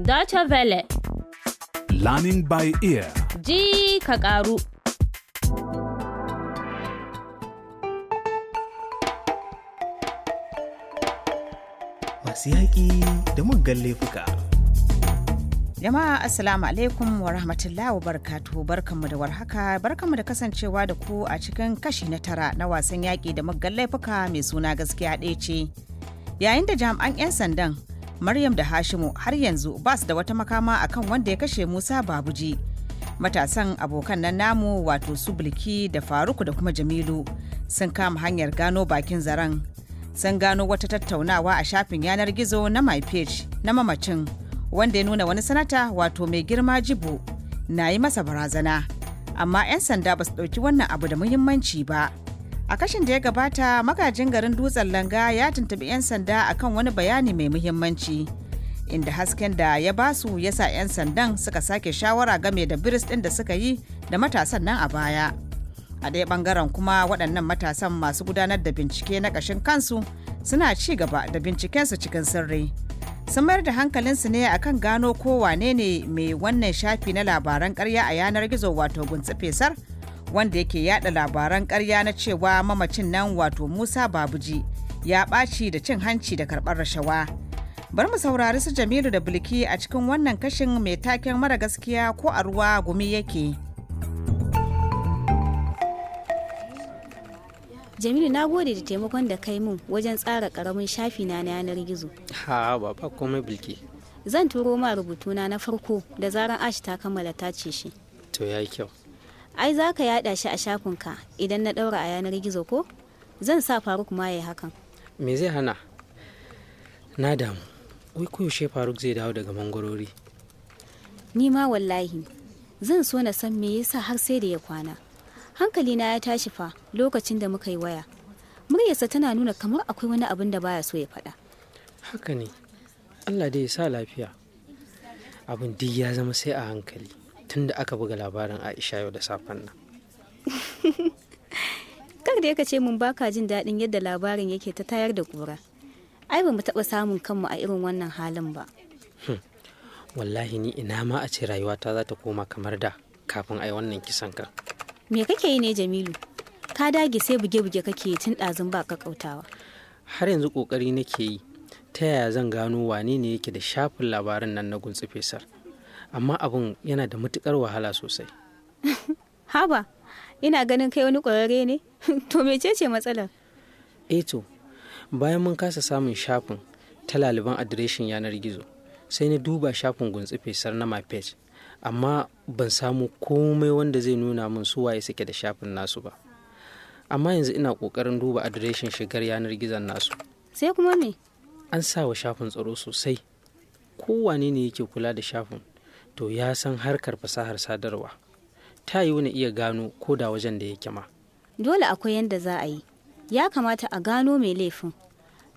Deutsche Welle. Learning by ear. Ji ka ƙaru. Masu yaƙi da muggan laifuka. Jama'a Assalamu alaikum wa rahmatullahi wa barkatu barkanmu da warhaka barkanmu da kasancewa da ku a cikin kashi na tara na wasan yaƙi da muggan laifuka mai suna gaskiya ɗaya ce. Yayin da jami'an 'yan sandan Maryam da Hashimu har yanzu ba su da wata makama akan wanda ya kashe Musa Babuji. Matasan abokan nan namu wato su Bilki da Faruku da kuma Jamilu sun kama hanyar gano bakin zaren. Sun gano wata tattaunawa a shafin yanar gizo na My Page na mamacin wanda ya nuna wani sanata wato mai girma jibo na yi masa barazana. Amma 'yan sanda ba su ɗauki wannan abu da muhimmanci ba. a kashin da ya gabata magajin garin dutsen langa ya tuntubi 'yan sanda akan wani bayani mai muhimmanci inda hasken da ya basu ya sa 'yan sandan suka sake shawara game da biris ɗin da suka yi da matasan nan a baya a ɗaya ɓangaren kuma waɗannan matasan masu gudanar da bincike na ƙashin kansu suna ci gaba da bincikensu cikin sirri sun mayar da hankalinsu ne akan gano ko wane ne mai wannan shafi na labaran karya a yanar gizo wato guntsi fesar wanda yake yada labaran karya na cewa mamacin nan wato musa babuji ya ɓaci da cin hanci da karɓar rashawa bar mu saurari su jamilu da bilki a cikin wannan kashin mai taken mara gaskiya ko a ruwa gumi yake jamilu na gode da taimakon da kai mun wajen tsara karamin shafi na yanar gizo ha baba komai bilki zan turo ma rubutu na na farko da zaran ash ta kammala tace shi to ya kyau ai za ka yada shi a shafinka idan na ɗaura a yanar gizo ko zan sa faruk ma ya hakan me zai hana na damu wai koyaushe faruk zai dawo daga mangwarori ni ma wallahi zan so na san me yasa har sai da ya kwana Hankali na ya tashi fa lokacin da muka yi waya muryarsa tana nuna kamar akwai wani abin da baya so ya faɗa haka ne allah dai ya sa lafiya abin duk ya zama sai a hankali tun da aka buga labarin aisha yau da safen nan kar da yaka ce mun baka jin daɗin yadda labarin yake ta tayar da kura ai ba mu taɓa samun kanmu a irin wannan halin ba hmm. wallahi ni ina ma a ce rayuwata za ta koma kamar da kafin ai wannan kisan ka. me kake yi ne jamilu ka dage sai buge-buge kake tun ɗazun ba ka kautawa har yanzu ƙoƙari nake yi ta yaya zan gano wane ne yake da shafin labarin nan na gunsu fesar amma abin yana da matukar wahala sosai haba ina ganin kai wani ƙwararre ne to mecece matsalar eto eh bayan mun kasa samun shafin ta laliban adireshin yanar gizo sai na duba shafin guntsi fesar na page amma ban samu komai wanda zai nuna mun su waye sake da shafin nasu ba amma yanzu ina kokarin duba adireshin shigar yanar gizon nasu sai kuma me an sa wa shafin tsaro sosai kowane ne yake kula da shafin to ya san harkar fasahar sadarwa ta yi wani iya gano ko da wajen da yake ma dole akwai yadda za a yi ya kamata a gano mai laifin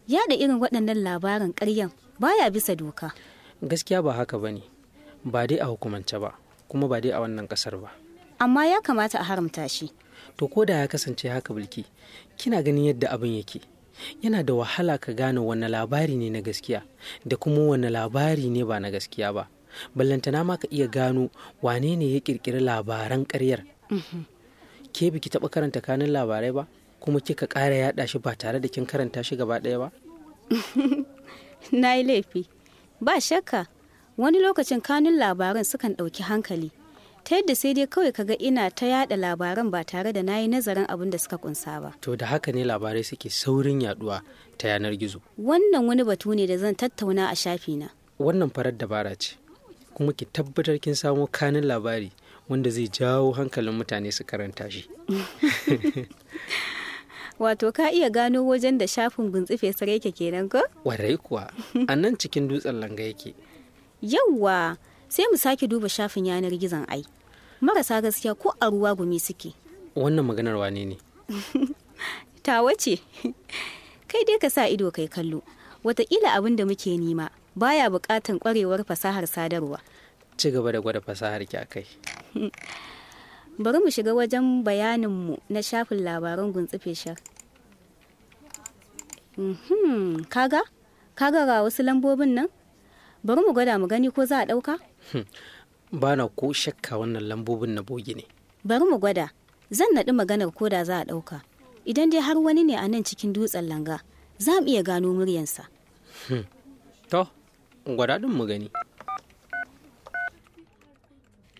yaɗa irin waɗannan labarin ƙaryan baya bisa doka gaskiya ba haka ba ne ba dai a hukumance ba kuma ba dai a wannan ƙasar ba amma ya kamata a haramta shi to ko da ya kasance haka bilki kina ganin yadda abin yake yana da wahala ka gane wani labari ne na gaskiya da kuma wani labari ne ba na gaskiya ba ballantana ma ka iya gano wane ne ya kirkiri labaran karyar mhm. ke biki taba karanta kanin labarai ba kuma kika kara yaɗa shi ba tare da kin karanta shi gaba ɗaya ba na yi laifi ba shakka wani lokacin kanun labaran sukan ɗauki hankali ta yadda sai dai kawai kaga ina ta yada labaran ba tare da na yi nazarin abin da suka kunsa ba. To da haka ne labarai suke saurin yaduwa ta yanar gizo. Wannan wani batu ne da zan tattauna a shafi na. Wannan farar dabara ce. kuma ki tabbatar kin samo kanin labari wanda zai jawo hankalin mutane su karanta shi wato ka iya gano wajen da shafin guntsi fesar yake kenan ko warai kuwa a nan cikin dutsen langa yake yawwa sai mu sake duba shafin yanar gizon ai marasa gaskiya ko a ruwa gumi suke wannan maganar wane ne tawa ce kai dai ka sa ido kai kallo watakila abin da muke nema baya bukatan kwarewar fasahar sadarwa ci gaba da gwada fasahar ki akai bari mu shiga wajen bayaninmu na shafin labaran guntsi feshar mhm, kaga kaga ga wasu lambobin nan bari mu gwada mu gani ko za a ɗauka hmm, ba na ko shakka wannan lambobin na bogi ne bari mu gwada zan naɗi maganar ko da za a ɗauka idan dai har wani ne a nan cikin dutsen langa za mu iya gano muryansa hmm, to gwada din mu gani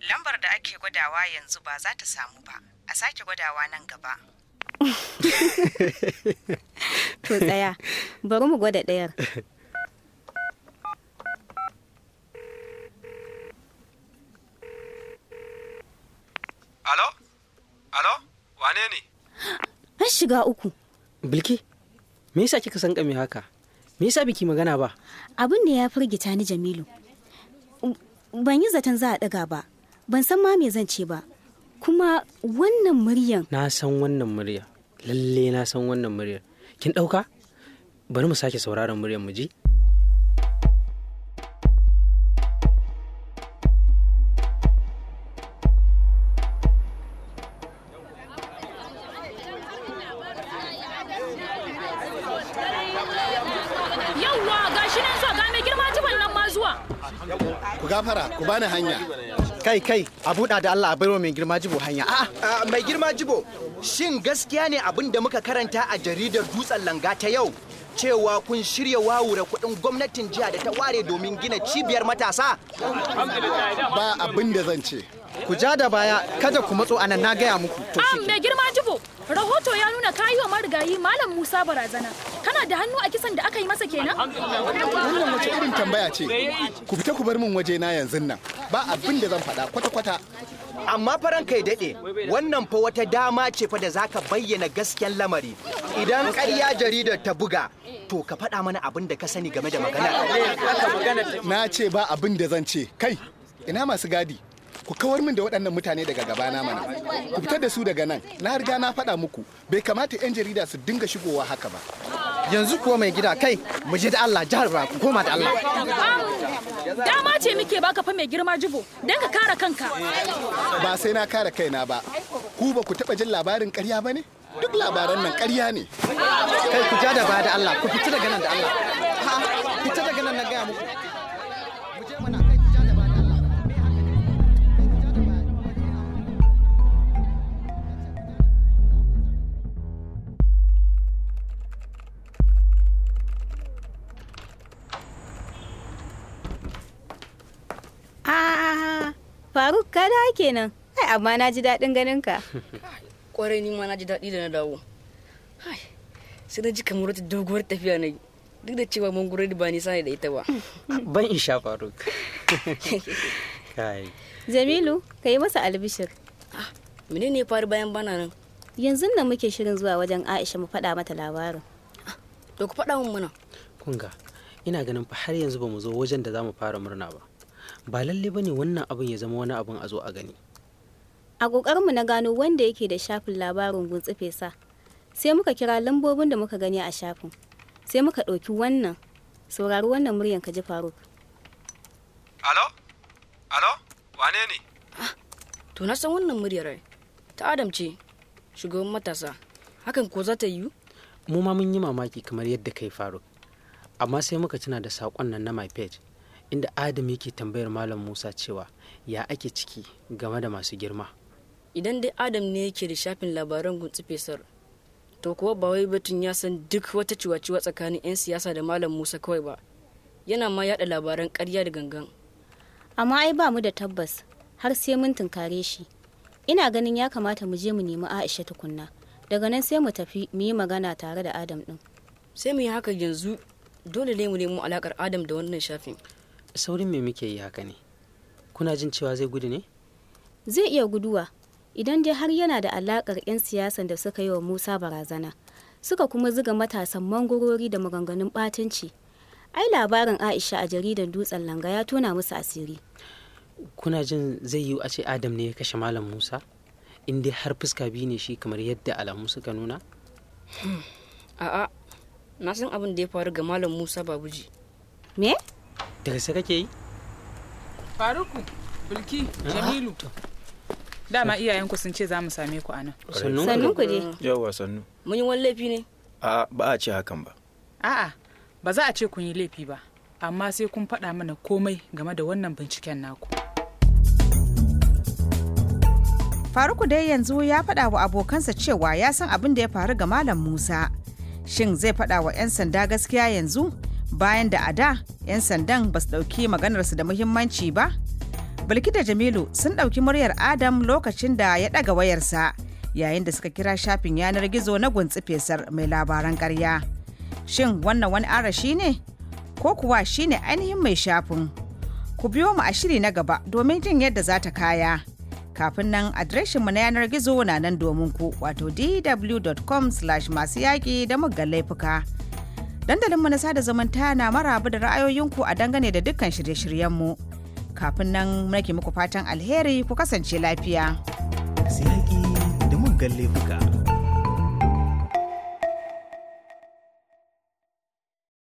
lambar da ake gwadawa yanzu ba za ta samu ba a sake gwadawa nan gaba to tsaya bari mu gwada ɗayar alo alo wane ne an shiga uku bilki me yasa kika san kame haka me yasa biki magana ba abin da ya firgita ni jamilu um, ban yi zaton za a daga ba ban san ma me zan ce ba kuma wannan muryan na san wannan murya lalle na san wannan muryar kin dauka bari mu sake sauraron muryar mu ji ku gafara ku bani hanya kai kai a buɗa da Allah a baiwa mai girma jibo hanya a'a mai girma jibo shin gaskiya ne abin da muka karanta a jaridar dutsen langa ta yau cewa kun shirya wawura kuɗin gwamnatin jiya da ta ware domin gina cibiyar matasa ba abin da zan ce ku ja da baya kada ku matso anan na gaya muku to rahoto ya nuna ka yi wa marigayi malam musa barazana kana da hannu a kisan da aka yi masa kenan wannan wace irin tambaya ce ku fita ku bar min waje na yanzu nan ba abin da zan faɗa kwata-kwata amma faran kai daɗe wannan fa wata dama ce fa da zaka bayyana gasken lamari idan ƙarya jaridar ta buga to ka faɗa mana abin da ka sani game da magana na ce ba abin da zan ce kai ina masu gadi ku kawar min da waɗannan mutane daga gabana mana ku fitar da su daga nan na riga na faɗa muku bai kamata 'yan jarida su dinga shigowa haka ba yanzu kuwa mai gida kai mu je da Allah jihar ba ku koma da Allah dama ce muke baka fa mai girma jibo dan ka kare kanka ba sai na kare kaina ba ku ba ku taba jin labarin ƙarya ba ne duk labaran nan ƙarya ne kai ku ja da ba da Allah ku fita daga nan da Allah kenan. Ai amma na ji daɗin ganin ka. Kwarai ni ma na ji daɗi da na dawo. Sai na ji kamar wata doguwar tafiya na yi. Duk da cewa mun gure ba nisa ne da ita ba. Ban in sha Faruk. Kai. Jamilu, ka yi masa albishir. Ah, mene ya faru bayan bana nan? Yanzu nan muke shirin zuwa wajen Aisha mu faɗa mata labarin. Ah, to ku faɗa mun mana. Kunga, ina ganin fa har yanzu ba mu zo wajen da za mu fara murna ba. ba lalle ne wannan abin ya zama wani abin a zo a gani a ƙoƙarinmu na gano wanda yake da shafin labarin guntsufe sa sai muka kira lambobin da muka gani a shafin sai muka ɗauki wannan saurari wannan muryan ka ji faruk alo alo wane ne ah, to na san wannan muryar ta adam ce shugaban matasa hakan ko za ta yiwu mu ma mun yi mamaki kamar yadda kai faruk amma sai muka tuna da saƙon nan na my page inda adam yake tambayar malam musa cewa ya ake ciki game da masu girma idan dai adam ne yake da shafin labaran gutsufesar, to kuwa ba wai batun ya san duk wata ciwaciwa tsakanin 'yan siyasa da malam musa kawai ba yana ma yada labaran karya da gangan amma ai ba mu da tabbas har sai mun tunkare shi ina ganin ya kamata mu je mu nemi aisha tukunna daga nan sai mu tafi mu yi magana tare da adam din sai mu yi haka yanzu dole ne mu nemo alakar adam da wannan shafin saurin me muke yi haka ne kuna jin cewa zai gudu ne zai iya guduwa idan dai har yana da alakar 'yan siyasan da suka yi wa musa barazana suka kuma zuga matasan mangorori da maganganun ɓatanci ai labarin aisha a jaridan dutsen langa ya tona musu asiri kuna jin zai yiwu a ce adam ne ya kashe malam musa in har fuska biyu ne shi kamar yadda alamu suka nuna hmm, a'a na san abin da ya faru ga malam musa babuji me daga gaske kake yi faruku bulki ah, jamilu dama iyayenku sun ce za mu same ku anan sannun ku dai yawa sannu mun yi wani laifi ne a ba a ce hakan ba a'a ba za a ce kun yi laifi ba amma sai kun faɗa mana komai game da wannan binciken naku faruku dai yanzu ya faɗa wa abokansa cewa ya san abin da ya faru ga malam musa shin zai faɗa wa 'yan sanda gaskiya yanzu bayan da a da 'yan sandan ba su ɗauki maganarsu da muhimmanci ba bilki da jamilu sun ɗauki muryar adam lokacin da ya ɗaga wayarsa yayin da suka kira shafin yanar gizo na guntsi fesar mai labaran karya. shin wannan wani arashi ne ko kuwa shi ne ainihin mai shafin ku biyo mu a shiri na gaba domin jin yadda za ta kaya kafin nan adireshinmu na yanar gizo na nan domin ku wato dw.com masu yaƙi da muggan laifuka. dandalinmu na sada zumunta na maraba da ra'ayoyinku a dangane da dukkan shirye-shiryenmu kafin nan nake muku fatan alheri ku kasance lafiya. Siyaki da muggan laifuka.